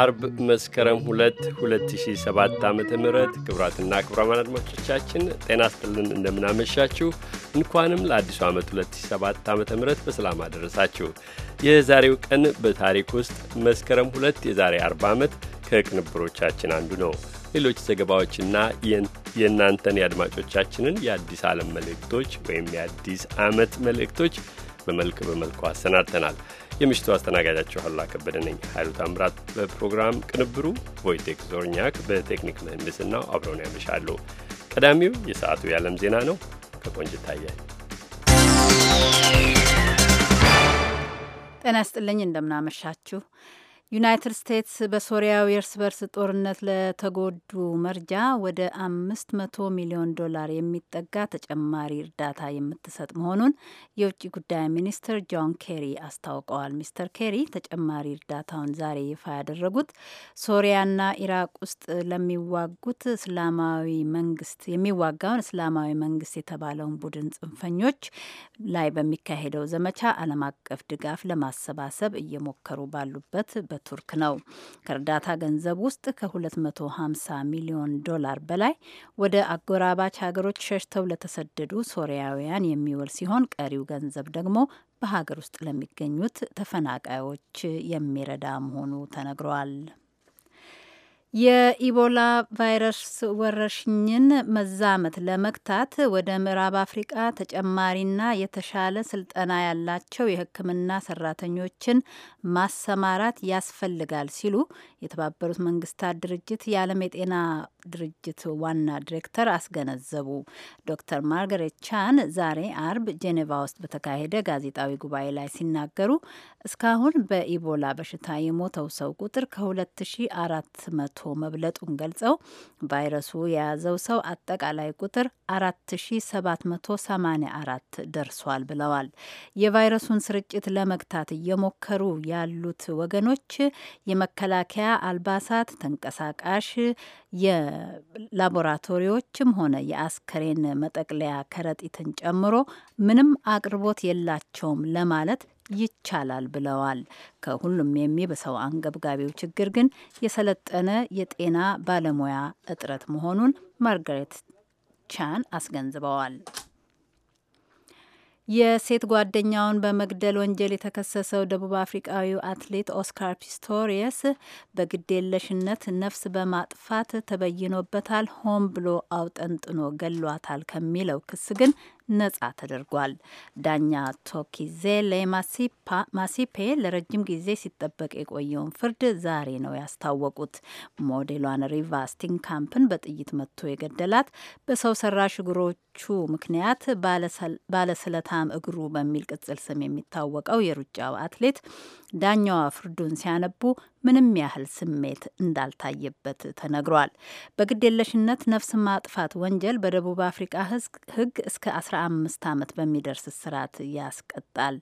አርብ መስከረም 2 2007 ዓ ም ክቡራትና ክቡራን አድማጮቻችን ጤና ስጥልን እንደምናመሻችሁ። እንኳንም ለአዲሱ ዓመት 2007 ዓ ም በሰላም አደረሳችሁ። የዛሬው ቀን በታሪክ ውስጥ መስከረም 2 የዛሬ 40 ዓመት ከቅንብሮቻችን አንዱ ነው። ሌሎች ዘገባዎችና የእናንተን የአድማጮቻችንን የአዲስ ዓለም መልእክቶች ወይም የአዲስ ዓመት መልእክቶች በመልክ በመልኩ አሰናድተናል። የምሽቱ አስተናጋጃችሁ አላ ከበደ ነኝ። ኃይሉ ታምራት በፕሮግራም ቅንብሩ፣ ቮይቴክ ዞርኛክ በቴክኒክ ምህንድስናው አብረውን ያመሻሉ። ቀዳሚው የሰዓቱ የዓለም ዜና ነው። ከቆንጅ ታየ ጤና ይስጥልኝ። እንደምናመሻችሁ ዩናይትድ ስቴትስ በሶሪያው የእርስ በርስ ጦርነት ለተጎዱ መርጃ ወደ አምስት መቶ ሚሊዮን ዶላር የሚጠጋ ተጨማሪ እርዳታ የምትሰጥ መሆኑን የውጭ ጉዳይ ሚኒስትር ጆን ኬሪ አስታውቀዋል። ሚስተር ኬሪ ተጨማሪ እርዳታውን ዛሬ ይፋ ያደረጉት ሶሪያና ኢራቅ ውስጥ ለሚዋጉት እስላማዊ መንግስት የሚዋጋውን እስላማዊ መንግስት የተባለውን ቡድን ጽንፈኞች ላይ በሚካሄደው ዘመቻ ዓለም አቀፍ ድጋፍ ለማሰባሰብ እየሞከሩ ባሉበት በቱርክ ነው። ከእርዳታ ገንዘብ ውስጥ ከ250 ሚሊዮን ዶላር በላይ ወደ አጎራባች ሀገሮች ሸሽተው ለተሰደዱ ሶሪያውያን የሚውል ሲሆን ቀሪው ገንዘብ ደግሞ በሀገር ውስጥ ለሚገኙት ተፈናቃዮች የሚረዳ መሆኑ ተነግሯል። የኢቦላ ቫይረስ ወረርሽኝን መዛመት ለመግታት ወደ ምዕራብ አፍሪቃ ተጨማሪና የተሻለ ስልጠና ያላቸው የሕክምና ሰራተኞችን ማሰማራት ያስፈልጋል ሲሉ የተባበሩት መንግስታት ድርጅት የዓለም የጤና ድርጅት ዋና ዲሬክተር አስገነዘቡ። ዶክተር ማርገሬት ቻን ዛሬ አርብ ጄኔቫ ውስጥ በተካሄደ ጋዜጣዊ ጉባኤ ላይ ሲናገሩ እስካሁን በኢቦላ በሽታ የሞተው ሰው ቁጥር ከ2400 መብለጡን ገልጸው ቫይረሱ የያዘው ሰው አጠቃላይ ቁጥር 4784 ደርሷል ብለዋል። የቫይረሱን ስርጭት ለመግታት እየሞከሩ ያሉት ወገኖች የመከላከያ አልባሳት፣ ተንቀሳቃሽ ላቦራቶሪዎችም ሆነ የአስከሬን መጠቅለያ ከረጢትን ጨምሮ ምንም አቅርቦት የላቸውም ለማለት ይቻላል ብለዋል። ከሁሉም የሚብሰው አንገብጋቢው ችግር ግን የሰለጠነ የጤና ባለሙያ እጥረት መሆኑን ማርጋሬት ቻን አስገንዝበዋል። የሴት ጓደኛውን በመግደል ወንጀል የተከሰሰው ደቡብ አፍሪቃዊው አትሌት ኦስካር ፒስቶሪየስ በግዴለሽነት ነፍስ በማጥፋት ተበይኖበታል፣ ሆን ብሎ አውጠንጥኖ ገሏታል ከሚለው ክስ ግን ነጻ ተደርጓል። ዳኛ ቶኪዜሌ ማሲፔ ለረጅም ጊዜ ሲጠበቅ የቆየውን ፍርድ ዛሬ ነው ያስታወቁት። ሞዴሏን ሪቫ ስቲንካምፕን በጥይት መጥቶ የገደላት በሰው ሰራሽ እግሮቹ ምክንያት ባለስለታም እግሩ በሚል ቅጽል ስም የሚታወቀው የሩጫው አትሌት ዳኛዋ ፍርዱን ሲያነቡ ምንም ያህል ስሜት እንዳልታየበት ተነግሯል። በግዴለሽነት ነፍስ ማጥፋት ወንጀል በደቡብ አፍሪቃ ሕግ እስከ 15 ዓመት በሚደርስ እስራት ያስቀጣል።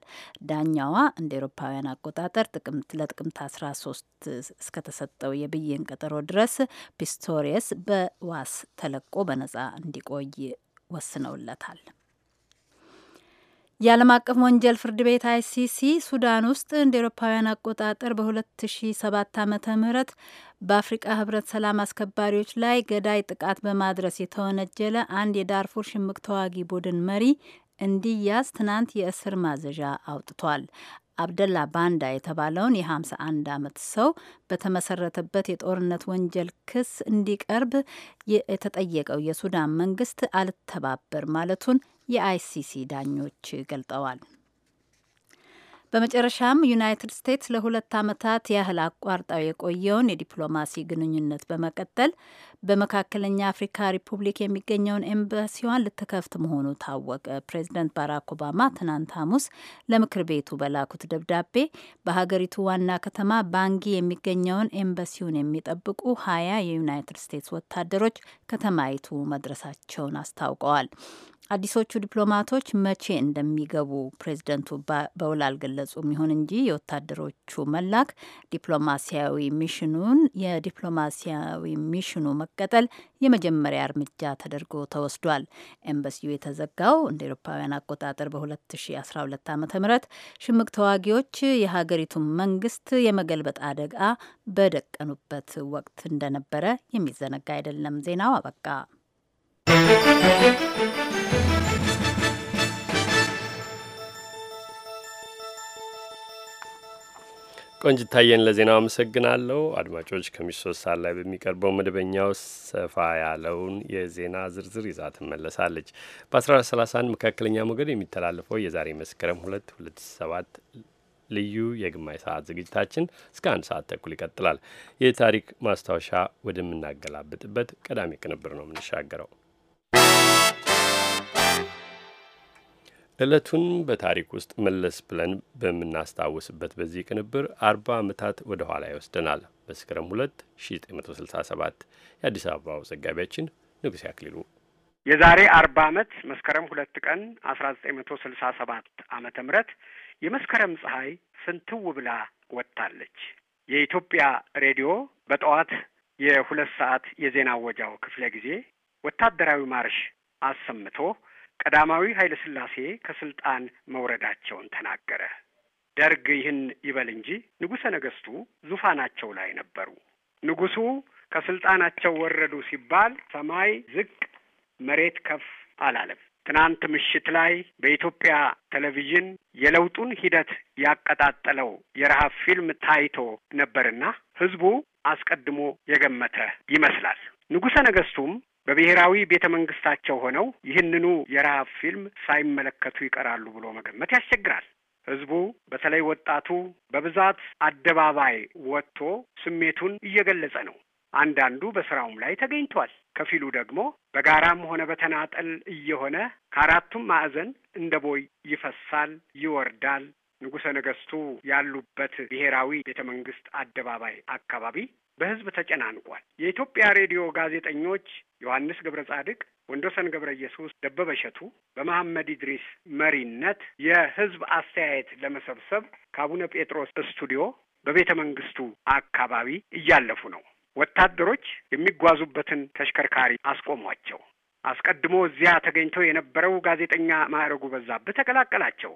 ዳኛዋ እንደ ኤሮፓውያን አቆጣጠር ለጥቅምት 13 እስከተሰጠው የብይን ቀጠሮ ድረስ ፒስቶሪየስ በዋስ ተለቆ በነጻ እንዲቆይ ወስነውለታል። የዓለም አቀፍ ወንጀል ፍርድ ቤት አይሲሲ ሱዳን ውስጥ እንደ ኤሮፓውያን አቆጣጠር በ2007 ዓ ም በአፍሪቃ ህብረት ሰላም አስከባሪዎች ላይ ገዳይ ጥቃት በማድረስ የተወነጀለ አንድ የዳርፉር ሽምቅ ተዋጊ ቡድን መሪ እንዲያዝ ትናንት የእስር ማዘዣ አውጥቷል። አብደላ ባንዳ የተባለውን የ51 ዓመት ሰው በተመሰረተበት የጦርነት ወንጀል ክስ እንዲቀርብ የተጠየቀው የሱዳን መንግስት አልተባበር ማለቱን የአይሲሲ ዳኞች ገልጠዋል። በመጨረሻም ዩናይትድ ስቴትስ ለሁለት ዓመታት ያህል አቋርጣው የቆየውን የዲፕሎማሲ ግንኙነት በመቀጠል በመካከለኛ አፍሪካ ሪፑብሊክ የሚገኘውን ኤምባሲዋን ልትከፍት መሆኑ ታወቀ። ፕሬዚደንት ባራክ ኦባማ ትናንት ሐሙስ ለምክር ቤቱ በላኩት ደብዳቤ በሀገሪቱ ዋና ከተማ ባንጊ የሚገኘውን ኤምባሲውን የሚጠብቁ ሀያ የዩናይትድ ስቴትስ ወታደሮች ከተማይቱ መድረሳቸውን አስታውቀዋል። አዲሶቹ ዲፕሎማቶች መቼ እንደሚገቡ ፕሬዝደንቱ በውል አልገለጹም። ይሁን እንጂ የወታደሮቹ መላክ ዲፕሎማሲያዊ ሚሽኑን የዲፕሎማሲያዊ ሚሽኑ መቀጠል የመጀመሪያ እርምጃ ተደርጎ ተወስዷል። ኤምባሲው የተዘጋው እንደ ኤሮፓውያን አቆጣጠር በ2012 ዓ ም ሽምቅ ተዋጊዎች የሀገሪቱን መንግስት የመገልበጥ አደጋ በደቀኑበት ወቅት እንደነበረ የሚዘነጋ አይደለም። ዜናው አበቃ። ቆንጅታየን ለዜናው አመሰግናለሁ። አድማጮች ከምሽቱ ሶስት ሰዓት ላይ በሚቀርበው መደበኛው ሰፋ ያለውን የዜና ዝርዝር ይዛ ትመለሳለች። በ1431 መካከለኛ ሞገድ የሚተላለፈው የዛሬ መስከረም 2 27 ልዩ የግማሽ ሰዓት ዝግጅታችን እስከ አንድ ሰዓት ተኩል ይቀጥላል። የታሪክ ማስታወሻ ወደምናገላብጥበት ቀዳሚ ቅንብር ነው የምንሻገረው። ዕለቱን በታሪክ ውስጥ መለስ ብለን በምናስታውስበት በዚህ ቅንብር አርባ ዓመታት ወደ ኋላ ይወስደናል። መስከረም ሁለት ሺ ዘጠኝ የአዲስ አበባው ዘጋቢያችን ንጉሥ ያክሊሉ የዛሬ አርባ ዓመት መስከረም ሁለት ቀን አስራ ዘጠኝ መቶ ስልሳ ሰባት ዓመተ ምህረት የመስከረም ፀሐይ ፍንትው ብላ ወጥታለች። የኢትዮጵያ ሬዲዮ በጠዋት የሁለት ሰዓት የዜና ወጃው ክፍለ ጊዜ ወታደራዊ ማርሽ አሰምቶ ቀዳማዊ ኃይለ ከስልጣን መውረዳቸውን ተናገረ። ደርግ ይህን ይበል እንጂ ንጉሠ ነገሥቱ ዙፋናቸው ላይ ነበሩ። ንጉሡ ከስልጣናቸው ወረዱ ሲባል ሰማይ ዝቅ መሬት ከፍ አላለም። ትናንት ምሽት ላይ በኢትዮጵያ ቴሌቪዥን የለውጡን ሂደት ያቀጣጠለው የረሃብ ፊልም ታይቶ ነበርና ሕዝቡ አስቀድሞ የገመተ ይመስላል። ንጉሠ ነገሥቱም በብሔራዊ ቤተ መንግስታቸው ሆነው ይህንኑ የረሃብ ፊልም ሳይመለከቱ ይቀራሉ ብሎ መገመት ያስቸግራል። ህዝቡ በተለይ ወጣቱ በብዛት አደባባይ ወጥቶ ስሜቱን እየገለጸ ነው። አንዳንዱ በስራውም ላይ ተገኝቷል። ከፊሉ ደግሞ በጋራም ሆነ በተናጠል እየሆነ ከአራቱም ማዕዘን እንደ ቦይ ይፈሳል፣ ይወርዳል። ንጉሠ ነገሥቱ ያሉበት ብሔራዊ ቤተ መንግስት አደባባይ አካባቢ በህዝብ ተጨናንቋል። የኢትዮጵያ ሬዲዮ ጋዜጠኞች ዮሐንስ ገብረ ጻድቅ፣ ወንዶሰን ገብረ ኢየሱስ፣ ደበበ እሸቱ በመሐመድ ኢድሪስ መሪነት የህዝብ አስተያየት ለመሰብሰብ ከአቡነ ጴጥሮስ ስቱዲዮ በቤተ መንግስቱ አካባቢ እያለፉ ነው። ወታደሮች የሚጓዙበትን ተሽከርካሪ አስቆሟቸው። አስቀድሞ እዚያ ተገኝተው የነበረው ጋዜጠኛ ማዕረጉ በዛብህ ተቀላቀላቸው።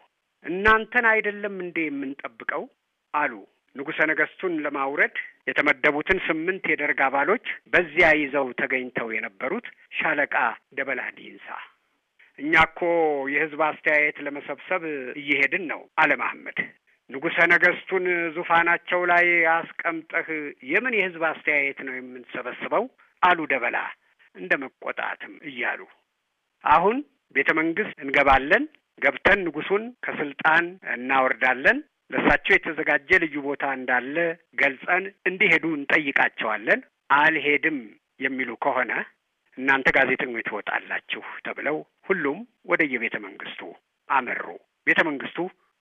እናንተን አይደለም እንዴ የምንጠብቀው አሉ። ንጉሠ ነገሥቱን ለማውረድ የተመደቡትን ስምንት የደርግ አባሎች በዚያ ይዘው ተገኝተው የነበሩት ሻለቃ ደበላ ዲንሳ እኛ እኮ የህዝብ አስተያየት ለመሰብሰብ እየሄድን ነው አለ መሐመድ። ንጉሠ ነገሥቱን ዙፋናቸው ላይ አስቀምጠህ የምን የህዝብ አስተያየት ነው የምንሰበስበው? አሉ ደበላ እንደ መቆጣትም እያሉ። አሁን ቤተ መንግሥት እንገባለን፣ ገብተን ንጉሡን ከስልጣን እናወርዳለን፣ ለእሳቸው የተዘጋጀ ልዩ ቦታ እንዳለ ገልጸን እንዲሄዱ እንጠይቃቸዋለን። አልሄድም የሚሉ ከሆነ እናንተ ጋዜጠኞች ትወጣላችሁ ተብለው ሁሉም የቤተ መንግስቱ አመሩ። ቤተ መንግስቱ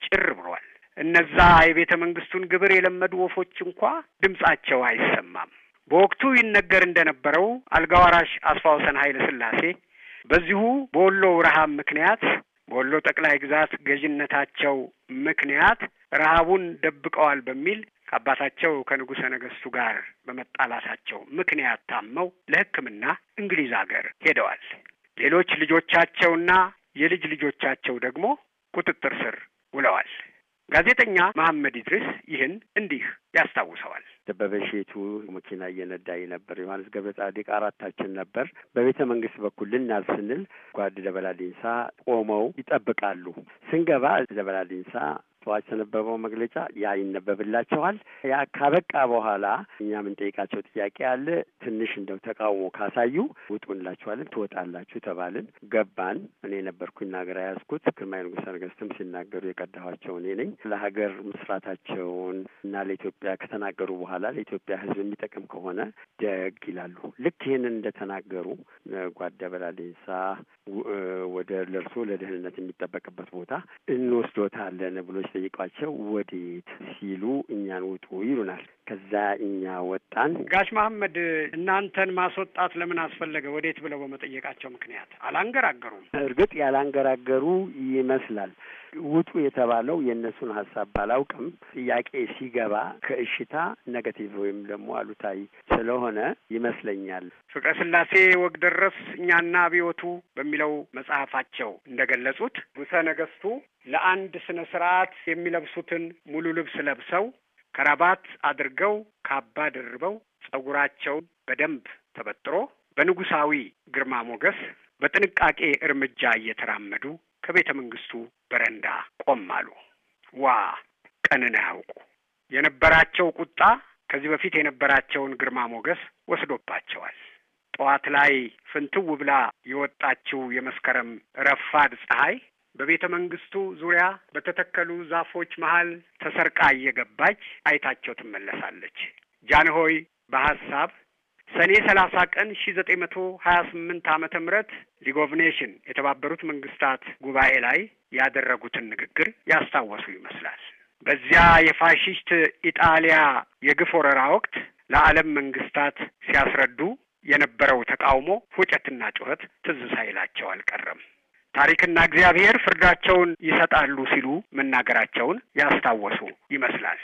ጭር ብሏል። እነዛ የቤተ መንግስቱን ግብር የለመዱ ወፎች እንኳ ድምጻቸው አይሰማም። በወቅቱ ይነገር እንደነበረው አልጋ ወራሽ አስፋ ወሰን ኃይለ በዚሁ በወሎ ረሃብ ምክንያት በወሎ ጠቅላይ ግዛት ገዥነታቸው ምክንያት ረሃቡን ደብቀዋል በሚል ከአባታቸው ከንጉሠ ነገሥቱ ጋር በመጣላታቸው ምክንያት ታመው ለሕክምና እንግሊዝ አገር ሄደዋል። ሌሎች ልጆቻቸውና የልጅ ልጆቻቸው ደግሞ ቁጥጥር ስር ውለዋል። ጋዜጠኛ መሐመድ ኢድሪስ ይህን እንዲህ ያስታውሰዋል። በበሼቱ መኪና እየነዳ ነበር ዮሐንስ ገብረ ጻዲቅ አራታችን ነበር። በቤተ መንግስት በኩል ልናል ስንል ጓድ ደበላ ዲንሳ ቆመው ይጠብቃሉ። ስንገባ ደበላ ዲንሳ ጠዋት የተነበበው መግለጫ ያ ይነበብላቸዋል። ያ ካበቃ በኋላ እኛ የምንጠይቃቸው ጥያቄ አለ። ትንሽ እንደው ተቃውሞ ካሳዩ ውጡ እንላቸዋለን። ትወጣላችሁ ተባልን። ገባን። እኔ ነበርኩኝ ሀገር ያዝኩት። ግርማዊ ንጉሠ ነገሥትም ሲናገሩ የቀዳኋቸው እኔ ነኝ። ለሀገር ምስራታቸውን እና ለኢትዮጵያ ከተናገሩ በኋላ ለኢትዮጵያ ሕዝብ የሚጠቅም ከሆነ ደግ ይላሉ። ልክ ይህንን እንደተናገሩ ጓደበላ ዴንሳ ወደ ለእርሶ ለደህንነት የሚጠበቅበት ቦታ እንወስዶታለን ብሎ ስንጠይቋቸው ወዴት ሲሉ እኛን ውጡ ይሉናል። ከዛ እኛ ወጣን። ጋሽ መሐመድ እናንተን ማስወጣት ለምን አስፈለገ ወዴት ብለው በመጠየቃቸው ምክንያት አላንገራገሩም? እርግጥ ያላንገራገሩ ይመስላል። ውጡ የተባለው የእነሱን ሀሳብ ባላውቅም ጥያቄ ሲገባ ከእሽታ ነገቲቭ ወይም ደግሞ አሉታዊ ስለሆነ ይመስለኛል። ፍቅረ ስላሴ ወግ ደረስ እኛና አብዮቱ በሚለው መጽሐፋቸው እንደገለጹት ንጉሠ ነገሥቱ ለአንድ ስነ ስርዓት የሚለብሱትን ሙሉ ልብስ ለብሰው ከራባት አድርገው ካባ ደርበው ጸጉራቸው በደንብ ተበጥሮ በንጉሳዊ ግርማ ሞገስ በጥንቃቄ እርምጃ እየተራመዱ ከቤተ መንግስቱ በረንዳ ቆም አሉ። ዋ ቀንን አያውቁ! የነበራቸው ቁጣ ከዚህ በፊት የነበራቸውን ግርማ ሞገስ ወስዶባቸዋል። ጠዋት ላይ ፍንትው ብላ የወጣችው የመስከረም ረፋድ ፀሐይ በቤተ መንግስቱ ዙሪያ በተተከሉ ዛፎች መሀል ተሰርቃ እየገባች አይታቸው ትመለሳለች። ጃንሆይ በሀሳብ ሰኔ ሰላሳ ቀን ሺ ዘጠኝ መቶ ሀያ ስምንት ዓመተ ምህረት ሊግ ኦፍ ኔሽን የተባበሩት መንግስታት ጉባኤ ላይ ያደረጉትን ንግግር ያስታወሱ ይመስላል። በዚያ የፋሽስት ኢጣሊያ የግፍ ወረራ ወቅት ለዓለም መንግስታት ሲያስረዱ የነበረው ተቃውሞ፣ ሁጨትና ጩኸት ትዝ ሳይላቸው አልቀረም። ታሪክና እግዚአብሔር ፍርዳቸውን ይሰጣሉ ሲሉ መናገራቸውን ያስታወሱ ይመስላል።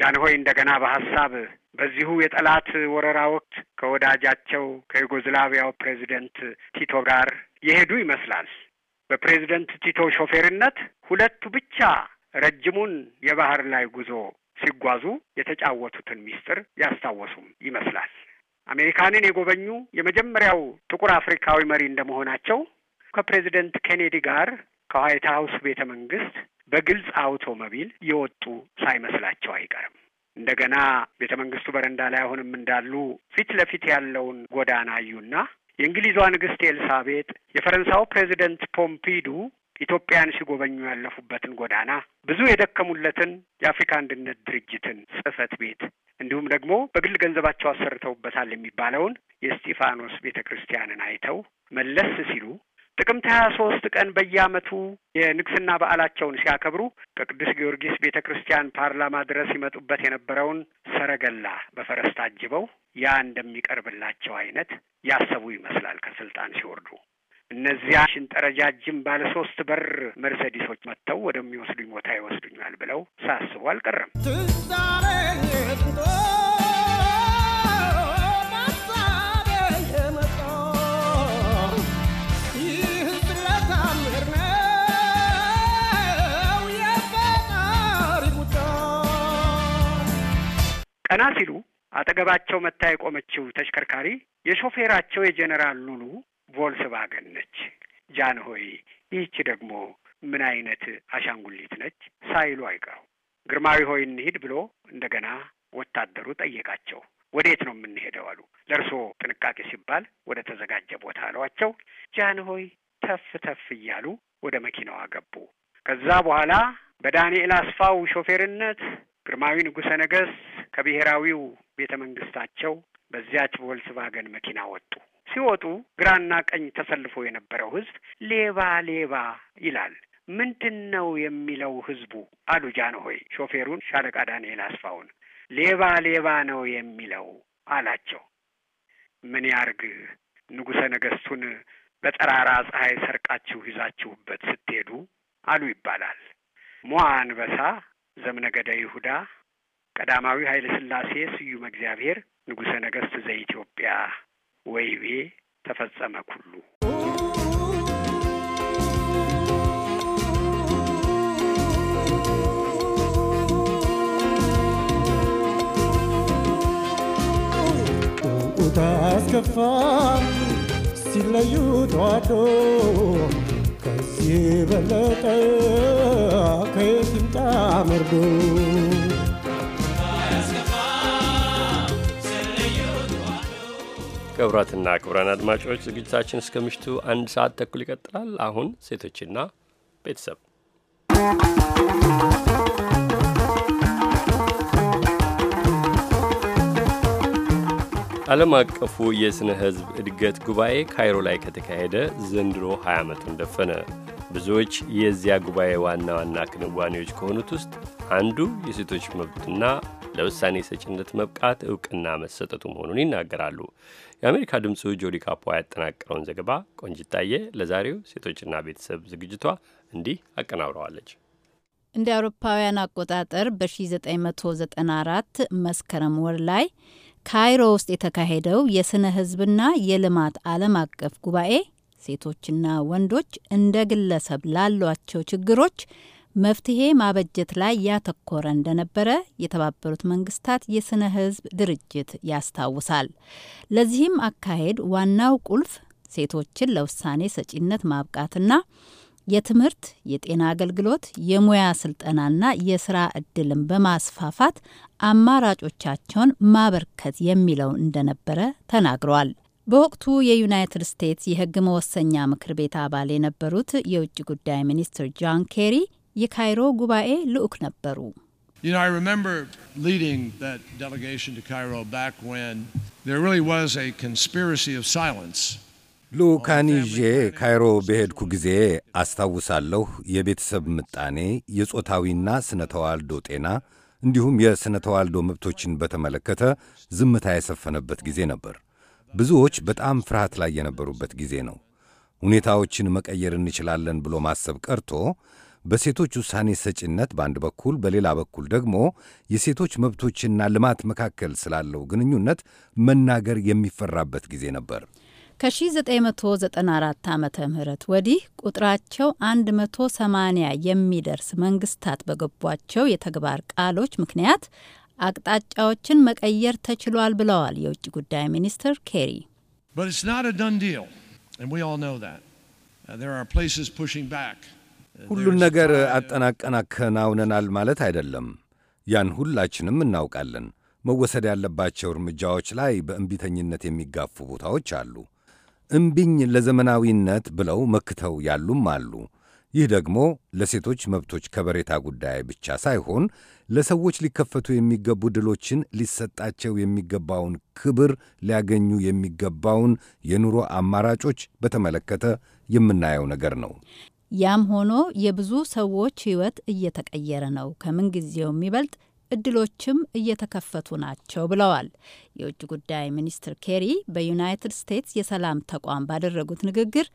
ጃንሆይ እንደገና በሀሳብ በዚሁ የጠላት ወረራ ወቅት ከወዳጃቸው ከዩጎዝላቪያው ፕሬዚደንት ቲቶ ጋር የሄዱ ይመስላል። በፕሬዚደንት ቲቶ ሾፌርነት ሁለቱ ብቻ ረጅሙን የባህር ላይ ጉዞ ሲጓዙ የተጫወቱትን ሚስጥር ያስታወሱም ይመስላል። አሜሪካንን የጎበኙ የመጀመሪያው ጥቁር አፍሪካዊ መሪ እንደመሆናቸው ከፕሬዚደንት ኬኔዲ ጋር ከዋይት ሀውስ ቤተ መንግስት በግልጽ አውቶሞቢል የወጡ ሳይመስላቸው አይቀርም። እንደገና ቤተ መንግስቱ በረንዳ ላይ አሁንም እንዳሉ ፊት ለፊት ያለውን ጎዳና አዩና የእንግሊዟ ንግስት ኤልሳቤጥ፣ የፈረንሳው ፕሬዚደንት ፖምፒዱ ኢትዮጵያን ሲጎበኙ ያለፉበትን ጎዳና፣ ብዙ የደከሙለትን የአፍሪካ አንድነት ድርጅትን ጽህፈት ቤት እንዲሁም ደግሞ በግል ገንዘባቸው አሰርተውበታል የሚባለውን የስጢፋኖስ ቤተ ክርስቲያንን አይተው መለስ ሲሉ ጥቅምት ሀያ ሶስት ቀን በየአመቱ የንግስና በዓላቸውን ሲያከብሩ ከቅዱስ ጊዮርጊስ ቤተ ክርስቲያን ፓርላማ ድረስ ይመጡበት የነበረውን ሰረገላ በፈረስ ታጅበው ያ እንደሚቀርብላቸው አይነት ያሰቡ ይመስላል ከስልጣን ሲወርዱ። እነዚያ ሽንጠረጃጅም ባለ ሶስት በር መርሰዲሶች መጥተው ወደሚወስዱኝ ቦታ ይወስዱኛል ብለው ሳስቡ አልቀረም። ቀና ሲሉ አጠገባቸው መታ የቆመችው ተሽከርካሪ የሾፌራቸው የጄኔራል ሉሉ ቮልስቫገን ነች። ጃንሆይ ይህች ደግሞ ምን አይነት አሻንጉሊት ነች ሳይሉ አይቀሩ ግርማዊ ሆይ እንሂድ ብሎ እንደገና ወታደሩ ጠየቃቸው። ወዴት ነው የምንሄደው አሉ። ለእርስዎ ጥንቃቄ ሲባል ወደ ተዘጋጀ ቦታ አሏቸው። ጃንሆይ ተፍ ተፍ እያሉ ወደ መኪናዋ ገቡ። ከዛ በኋላ በዳንኤል አስፋው ሾፌርነት ግርማዊ ንጉሠ ነገሥት ከብሔራዊው ቤተ መንግስታቸው በዚያች ቮልስቫገን መኪና ወጡ። ሲወጡ ግራና ቀኝ ተሰልፎ የነበረው ህዝብ ሌባ ሌባ ይላል። ምንድን ነው የሚለው ህዝቡ? አሉ ጃንሆይ ሾፌሩን ሻለቃ ዳንኤል አስፋውን። ሌባ ሌባ ነው የሚለው አላቸው። ምን ያርግ ንጉሠ ነገሥቱን በጠራራ ፀሐይ ሰርቃችሁ ይዛችሁበት ስትሄዱ አሉ ይባላል። ሟ አንበሳ ዘምነ ገደ ይሁዳ ቀዳማዊ ኃይለ ሥላሴ ስዩመ እግዚአብሔር ንጉሠ ነገሥት ዘኢትዮጵያ ወይቤ ተፈጸመ ኩሉ ታስከፋ ሲለዩ ተዋዶ የበለጠ ከየት ይምጣ መርዶ ክቡራትና ክቡራን አድማጮች ዝግጅታችን እስከ ምሽቱ አንድ ሰዓት ተኩል ይቀጥላል። አሁን ሴቶችና ቤተሰብ ዓለም አቀፉ የሥነ ሕዝብ እድገት ጉባኤ ካይሮ ላይ ከተካሄደ ዘንድሮ 20 ዓመቱን ደፈነ። ብዙዎች የዚያ ጉባኤ ዋና ዋና ክንዋኔዎች ከሆኑት ውስጥ አንዱ የሴቶች መብትና ለውሳኔ ሰጭነት መብቃት እውቅና መሰጠቱ መሆኑን ይናገራሉ። የአሜሪካ ድምፁ ጆዲ ካፖ ያጠናቀረውን ዘገባ ቆንጅታየ ለዛሬው ሴቶችና ቤተሰብ ዝግጅቷ እንዲህ አቀናብረዋለች። እንደ አውሮፓውያን አቆጣጠር በ1994 መስከረም ወር ላይ ካይሮ ውስጥ የተካሄደው የስነ ህዝብና የልማት ዓለም አቀፍ ጉባኤ ሴቶችና ወንዶች እንደ ግለሰብ ላሏቸው ችግሮች መፍትሄ ማበጀት ላይ ያተኮረ እንደነበረ የተባበሩት መንግስታት የስነ ህዝብ ድርጅት ያስታውሳል። ለዚህም አካሄድ ዋናው ቁልፍ ሴቶችን ለውሳኔ ሰጪነት ማብቃትና የትምህርት፣ የጤና አገልግሎት፣ የሙያ ስልጠናና የስራ እድልን በማስፋፋት አማራጮቻቸውን ማበርከት የሚለው እንደነበረ ተናግረዋል። በወቅቱ የዩናይትድ ስቴትስ የህግ መወሰኛ ምክር ቤት አባል የነበሩት የውጭ ጉዳይ ሚኒስትር ጆን ኬሪ የካይሮ ጉባኤ ልዑክ ነበሩ። ሪ ልኡካን ይዤ ካይሮ በሄድኩ ጊዜ አስታውሳለሁ። የቤተሰብ ምጣኔ፣ የጾታዊና ስነ ተዋልዶ ጤና እንዲሁም የስነ ተዋልዶ መብቶችን በተመለከተ ዝምታ የሰፈነበት ጊዜ ነበር። ብዙዎች በጣም ፍርሃት ላይ የነበሩበት ጊዜ ነው። ሁኔታዎችን መቀየር እንችላለን ብሎ ማሰብ ቀርቶ በሴቶች ውሳኔ ሰጪነት በአንድ በኩል፣ በሌላ በኩል ደግሞ የሴቶች መብቶችና ልማት መካከል ስላለው ግንኙነት መናገር የሚፈራበት ጊዜ ነበር። ከ1994 ዓ ም ወዲህ ቁጥራቸው 180 የሚደርስ መንግስታት በገቧቸው የተግባር ቃሎች ምክንያት አቅጣጫዎችን መቀየር ተችሏል ብለዋል የውጭ ጉዳይ ሚኒስትር ኬሪ። uh, uh, ሁሉን ነገር አጠናቀን አከናውነናል ማለት አይደለም። ያን ሁላችንም እናውቃለን። መወሰድ ያለባቸው እርምጃዎች ላይ በእምቢተኝነት የሚጋፉ ቦታዎች አሉ። እምቢኝ ለዘመናዊነት ብለው መክተው ያሉም አሉ። ይህ ደግሞ ለሴቶች መብቶች ከበሬታ ጉዳይ ብቻ ሳይሆን ለሰዎች ሊከፈቱ የሚገቡ ድሎችን፣ ሊሰጣቸው የሚገባውን ክብር፣ ሊያገኙ የሚገባውን የኑሮ አማራጮች በተመለከተ የምናየው ነገር ነው። ያም ሆኖ የብዙ ሰዎች ሕይወት እየተቀየረ ነው። ከምንጊዜው የሚበልጥ እድሎችም እየተከፈቱ ናቸው ብለዋል። የውጭ ጉዳይ ሚኒስትር ኬሪ በዩናይትድ ስቴትስ የሰላም ተቋም ባደረጉት ንግግር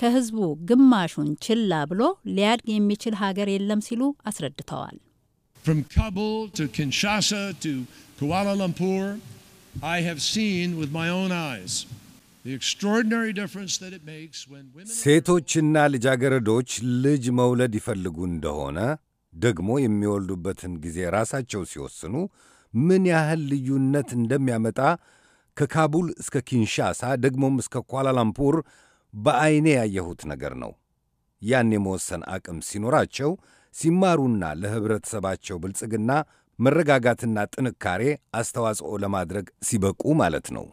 ከህዝቡ ግማሹን ችላ ብሎ ሊያድግ የሚችል ሀገር የለም ሲሉ አስረድተዋል። From Kabul to Kinshasa to Kuala Lumpur, I have seen with my own eyes ሴቶችና ልጃገረዶች ልጅ መውለድ ይፈልጉ እንደሆነ ደግሞ የሚወልዱበትን ጊዜ ራሳቸው ሲወስኑ ምን ያህል ልዩነት እንደሚያመጣ ከካቡል እስከ ኪንሻሳ ደግሞም እስከ ኳላላምፑር በዐይኔ ያየሁት ነገር ነው። ያን የመወሰን አቅም ሲኖራቸው ሲማሩና ለኅብረተሰባቸው ብልጽግና መረጋጋትና ጥንካሬ አስተዋጽኦ ለማድረግ ሲበቁ ማለት ነው።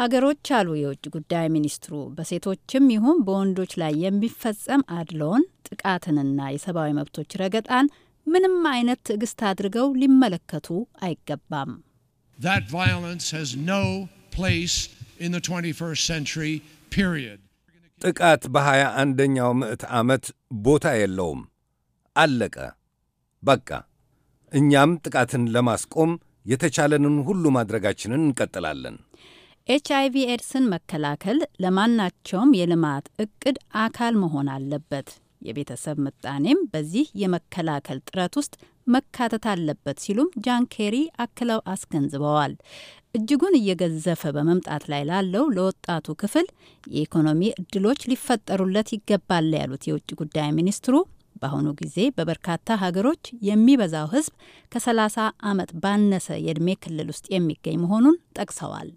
ሀገሮች አሉ የውጭ ጉዳይ ሚኒስትሩ በሴቶችም ይሁን በወንዶች ላይ የሚፈጸም አድሎን፣ ጥቃትንና የሰብአዊ መብቶች ረገጣን ምንም አይነት ትዕግስት አድርገው ሊመለከቱ አይገባም። ጥቃት በሀያ አንደኛው ምዕት ዓመት ቦታ የለውም። አለቀ፣ በቃ። እኛም ጥቃትን ለማስቆም የተቻለንን ሁሉ ማድረጋችንን እንቀጥላለን። ኤች ቪ ኤድስን መከላከል ለማናቸውም የልማት እቅድ አካል መሆን አለበት። የቤተሰብ ምጣኔም በዚህ የመከላከል ጥረት ውስጥ መካተት አለበት ሲሉም ጃን ኬሪ አክለው አስገንዝበዋል። እጅጉን እየገዘፈ በመምጣት ላይ ላለው ለወጣቱ ክፍል የኢኮኖሚ እድሎች ሊፈጠሩለት ይገባል ያሉት የውጭ ጉዳይ ሚኒስትሩ በአሁኑ ጊዜ በበርካታ ሀገሮች የሚበዛው ሕዝብ ከ30 ዓመት ባነሰ የዕድሜ ክልል ውስጥ የሚገኝ መሆኑን ጠቅሰዋል።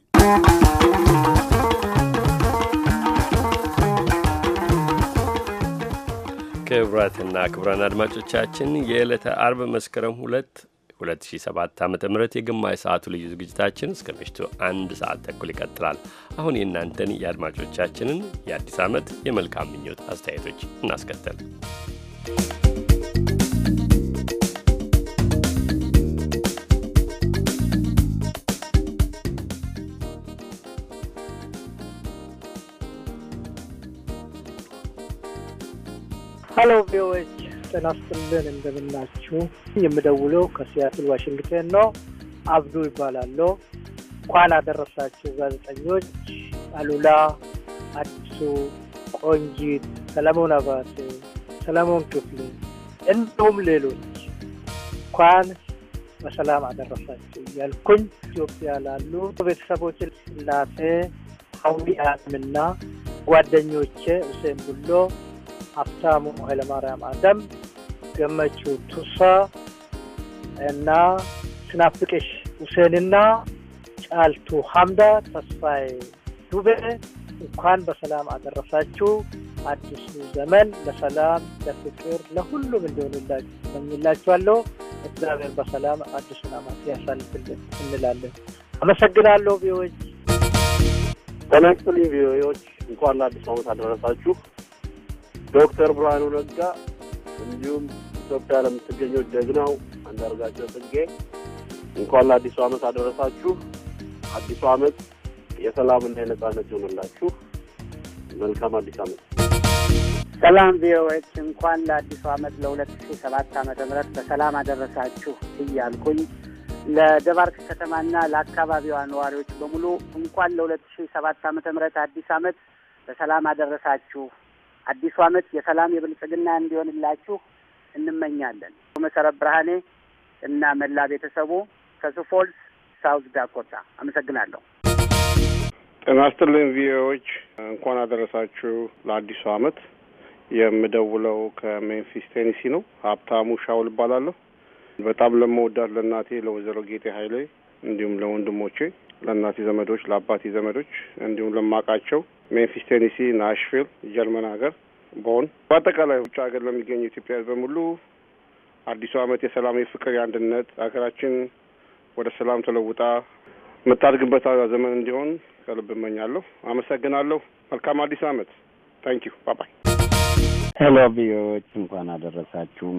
ክቡራትና ክቡራን አድማጮቻችን የዕለተ አርብ መስከረም ሁለት 2007 ዓ ም የግማሽ ሰዓቱ ልዩ ዝግጅታችን እስከ ምሽቱ አንድ ሰዓት ተኩል ይቀጥላል። አሁን የእናንተን የአድማጮቻችንን የአዲስ ዓመት የመልካም ምኞት አስተያየቶች እናስከተል። ሀሎ ቪዎች ጤና ይስጥልን፣ እንደምናችሁ። የምደውለው ከሲያትል ዋሽንግተን ነው። አብዱ ይባላለሁ። እንኳን አደረሳችሁ ጋዜጠኞች አሉላ አዲሱ፣ ቆንጂት፣ ሰለሞን አባቴ፣ ሰለሞን ክፍሌ እንዲሁም ሌሎች እንኳን በሰላም አደረሳችሁ ያልኩኝ ኢትዮጵያ ላሉ ቤተሰቦች ስላሴ ሀዊ አለምና ጓደኞቼ ሁሴን ቡሎ ሀብታሙ ኃይለማርያም አደም፣ ገመቹ ቱሳ እና ስናፍቅሽ ሁሴንና ጫልቱ ሀምዳ ተስፋዬ ዱቤ እንኳን በሰላም አደረሳችሁ። አዲሱ ዘመን ለሰላም፣ ለፍቅር፣ ለሁሉም እንዲሆንላችሁ እመኝላችኋለሁ። እግዚአብሔር በሰላም አዲሱን ዓመት ያሳልፍልን እንላለን። አመሰግናለሁ። ቪዎች ተናቅጥልኝ ቪዮዎች እንኳን ለአዲሱ አመት አደረሳችሁ። ዶክተር ብርሃኑ ነጋ እንዲሁም ኢትዮጵያ ለምትገኘው ደግናው አንዳርጋቸው ጽጌ እንኳን ለአዲሱ ዓመት አደረሳችሁ። አዲሱ ዓመት የሰላምና የነጻነት ይሆንላችሁ። መልካም አዲስ ዓመት። ሰላም ቪኦኤዎች፣ እንኳን ለአዲሱ ዓመት ለሁለት ሺ ሰባት ዓመተ ምህረት በሰላም አደረሳችሁ እያልኩኝ ለደባርክ ከተማና ለአካባቢዋ ነዋሪዎች በሙሉ እንኳን ለሁለት ሺ ሰባት ዓመተ ምህረት አዲስ ዓመት በሰላም አደረሳችሁ አዲሱ ዓመት የሰላም የብልጽግና እንዲሆንላችሁ እንመኛለን። መሰረት ብርሃኔ እና መላ ቤተሰቡ ከሱፎልስ ሳውዝ ዳኮታ አመሰግናለሁ። ጤና ይስጥልኝ ቪኦኤዎች፣ እንኳን አደረሳችሁ ለአዲሱ ዓመት። የምደውለው ከሜንፊስ ቴኒሲ ነው። ሀብታሙ ሻውል እባላለሁ። በጣም ለመወዳት ለእናቴ ለወይዘሮ ጌጤ ኃይሌ እንዲሁም ለወንድሞቼ ለእናቴ ዘመዶች፣ ለአባቴ ዘመዶች እንዲሁም ለማውቃቸው ሜንፊስ ቴኒሲ፣ ናሽቪል፣ ጀርመን ሀገር፣ ቦን፣ በአጠቃላይ ውጭ ሀገር ለሚገኙ ኢትዮጵያ በሙሉ አዲሱ ዓመት የሰላም፣ የፍቅር፣ የአንድነት ሀገራችን ወደ ሰላም ተለውጣ የምታድግበት ዘመን እንዲሆን ከልብ እመኛለሁ። አመሰግናለሁ። መልካም አዲስ ዓመት። ታንኪዩ ባባይ ሄሎ ቪዎች እንኳን አደረሳችሁ።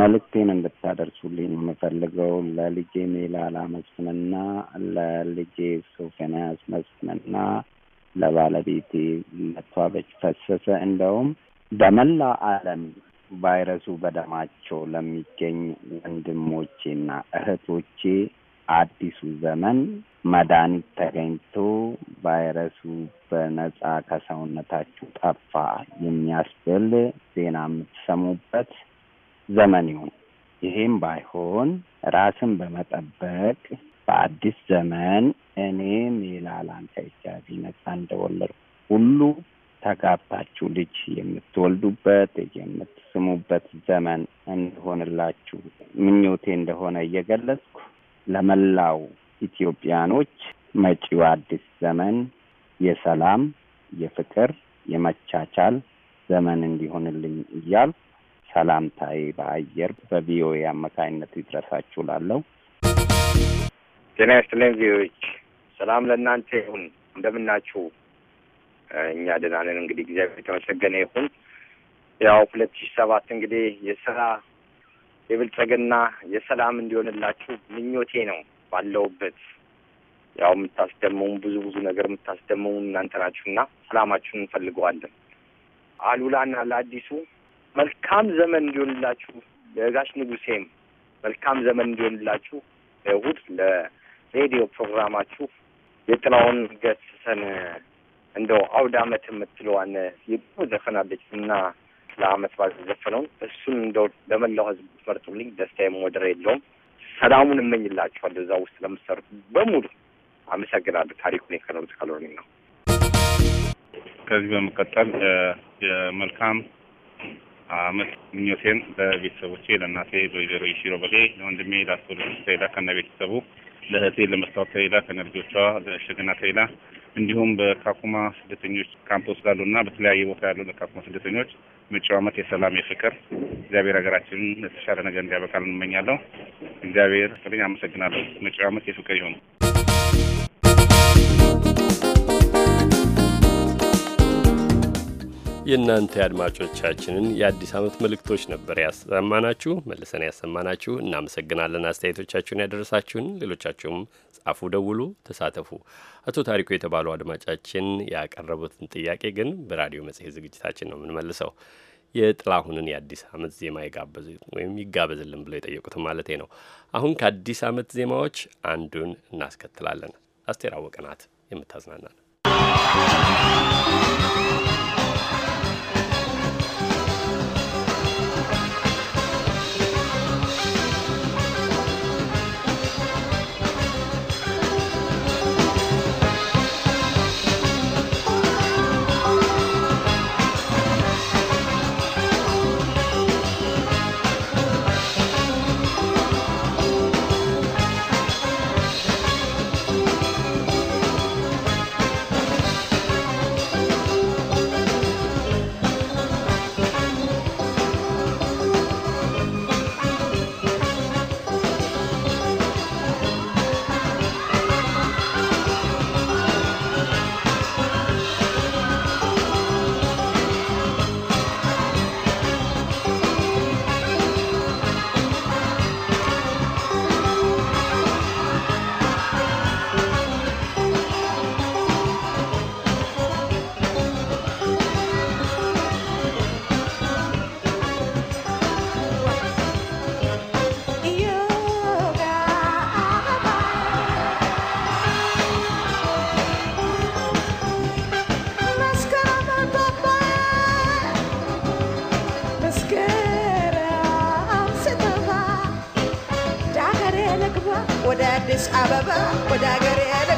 መልእክቴን እንድታደርሱልኝ የምፈልገው ለልጄ ሜላላ መስፍንና ለልጄ ሶፎንያስ መስፍንና ለባለቤቴ መቷበች ፈሰሰ እንደውም በመላ ዓለም ቫይረሱ በደማቸው ለሚገኝ ወንድሞቼና እህቶቼ አዲሱ ዘመን መድኃኒት ተገኝቶ ቫይረሱ በነጻ ከሰውነታችሁ ጠፋ የሚያስብል ዜና የምትሰሙበት ዘመን ይሁን። ይህም ባይሆን ራስን በመጠበቅ በአዲስ ዘመን እኔም ይላል አንተ እግዚአብሔር ነጻ እንደወለድኩ ሁሉ ተጋብታችሁ ልጅ የምትወልዱበት የምትስሙበት ዘመን እንደሆንላችሁ ምኞቴ እንደሆነ እየገለጽኩ ለመላው ኢትዮጵያኖች መጪው አዲስ ዘመን የሰላም፣ የፍቅር፣ የመቻቻል ዘመን እንዲሆንልኝ እያልኩ ሰላምታዬ በአየር በቪኦኤ አማካኝነት ይድረሳችሁ። ላለው ጤና ይስጥልኝ ቪኦኤዎች፣ ሰላም ለእናንተ ይሁን። እንደምናችሁ? እኛ ደህና ነን። እንግዲህ እግዚአብሔር የተመሰገነ ይሁን። ያው ሁለት ሺህ ሰባት እንግዲህ የስራ የብልጽግና የሰላም እንዲሆንላችሁ ምኞቴ ነው። ባለውበት ያው የምታስደመሙን ብዙ ብዙ ነገር የምታስደመሙን እናንተ ናችሁና ሰላማችሁን እንፈልገዋለን። አሉላና ለአዲሱ መልካም ዘመን እንዲሆንላችሁ ለጋሽ ንጉሴም መልካም ዘመን እንዲሆንላችሁ ለእሑድ ለሬዲዮ ፕሮግራማችሁ የጥላውን ገሰሰን እንደው አውድ አመት የምትለዋን የድሮ ዘፈናለች እና ለአመት ባል ዘፈነውን እሱን እንደው ለመላው ህዝብ ትመርጡልኝ ደስታ ወደር የለውም። ሰላሙን እመኝላችኋለሁ እዛ ውስጥ ለምሰሩት በሙሉ አመሰግናለሁ። ታሪኩን እኔ ከኖሩት ነው። ከዚህ በመቀጠል የመልካም አመት ምኞቴን ለቤተሰቦቼ ለእናቴ ለወይዘሮ ይሽሮ በሌ ለወንድሜ ለአቶ ልጅ ተይላ ከነ ቤተሰቡ ለእህቴ ለመስታወት ተይላ ከነ ልጆቿ ለሸገና ተይላ እንዲሁም በካኩማ ስደተኞች ካምፕ ውስጥ ላሉና በተለያየ ቦታ ያሉ ለካኩማ ስደተኞች መጪው አመት የሰላም የፍቅር እግዚአብሔር ሀገራችንን የተሻለ ነገር እንዲያበቃል እንመኛለሁ። እግዚአብሔር ፍቅልኝ አመሰግናለሁ። መጪው አመት የፍቅር ይሆኑ። የእናንተ አድማጮቻችንን የአዲስ ዓመት መልእክቶች ነበር ያሰማናችሁ፣ መልሰን ያሰማናችሁ። እናመሰግናለን አስተያየቶቻችሁን ያደረሳችሁን። ሌሎቻችሁም ጻፉ፣ ደውሉ፣ ተሳተፉ። አቶ ታሪኩ የተባሉ አድማጫችን ያቀረቡትን ጥያቄ ግን በራዲዮ መጽሔት ዝግጅታችን ነው የምንመልሰው። የጥላሁንን የአዲስ ዓመት ዜማ ይጋበዝ ወይም ይጋበዝልን ብለው የጠየቁትን ማለቴ ነው። አሁን ከአዲስ ዓመት ዜማዎች አንዱን እናስከትላለን። አስቴር አወቀናት የምታዝናናል። ወደ አዲስ አበባ ወደ ሀገር ያለ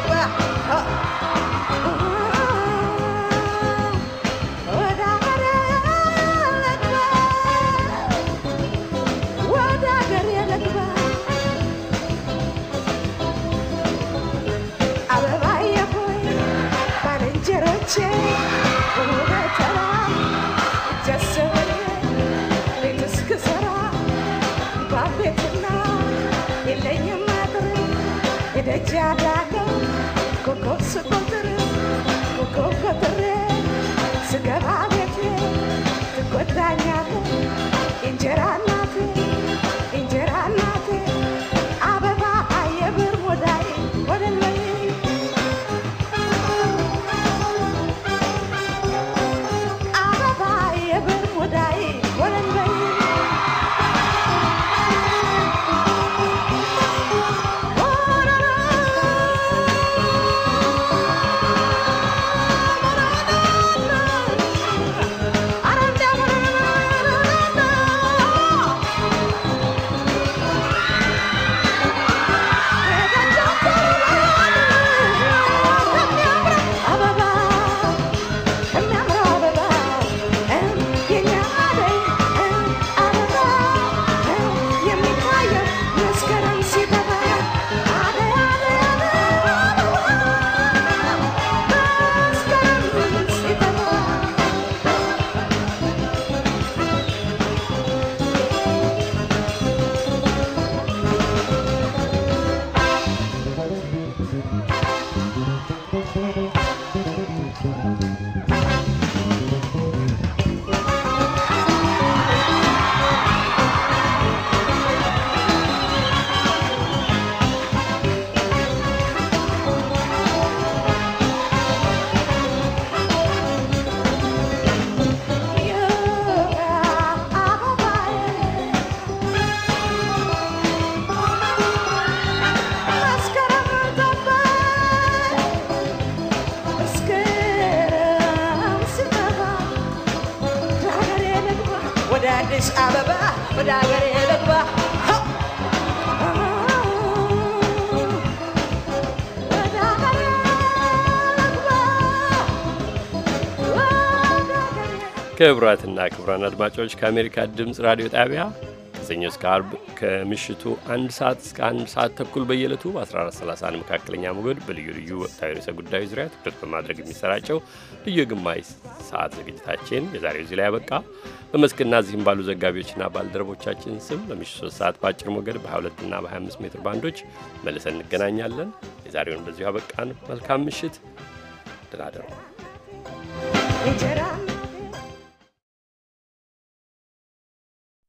ክቡራትና ክቡራን አድማጮች ከአሜሪካ ድምፅ ራዲዮ ጣቢያ ከሰኞ እስከ አርብ ከምሽቱ አንድ ሰዓት እስከ አንድ ሰዓት ተኩል በየዕለቱ በ1431 መካከለኛ ሞገድ በልዩ ልዩ ወቅታዊ ርዕሰ ጉዳዮች ዙሪያ ትኩረት በማድረግ የሚሰራጨው ልዩ የግማሽ ሰዓት ዝግጅታችን የዛሬው እዚህ ላይ ያበቃ። በመስክና እዚህም ባሉ ዘጋቢዎችና ባልደረቦቻችን ስም በምሽቱ 3 ሰዓት በአጭር ሞገድ በ22ና በ25 ሜትር ባንዶች መልሰን እንገናኛለን። የዛሬውን በዚሁ አበቃን። መልካም ምሽት። ደህና እደሩ።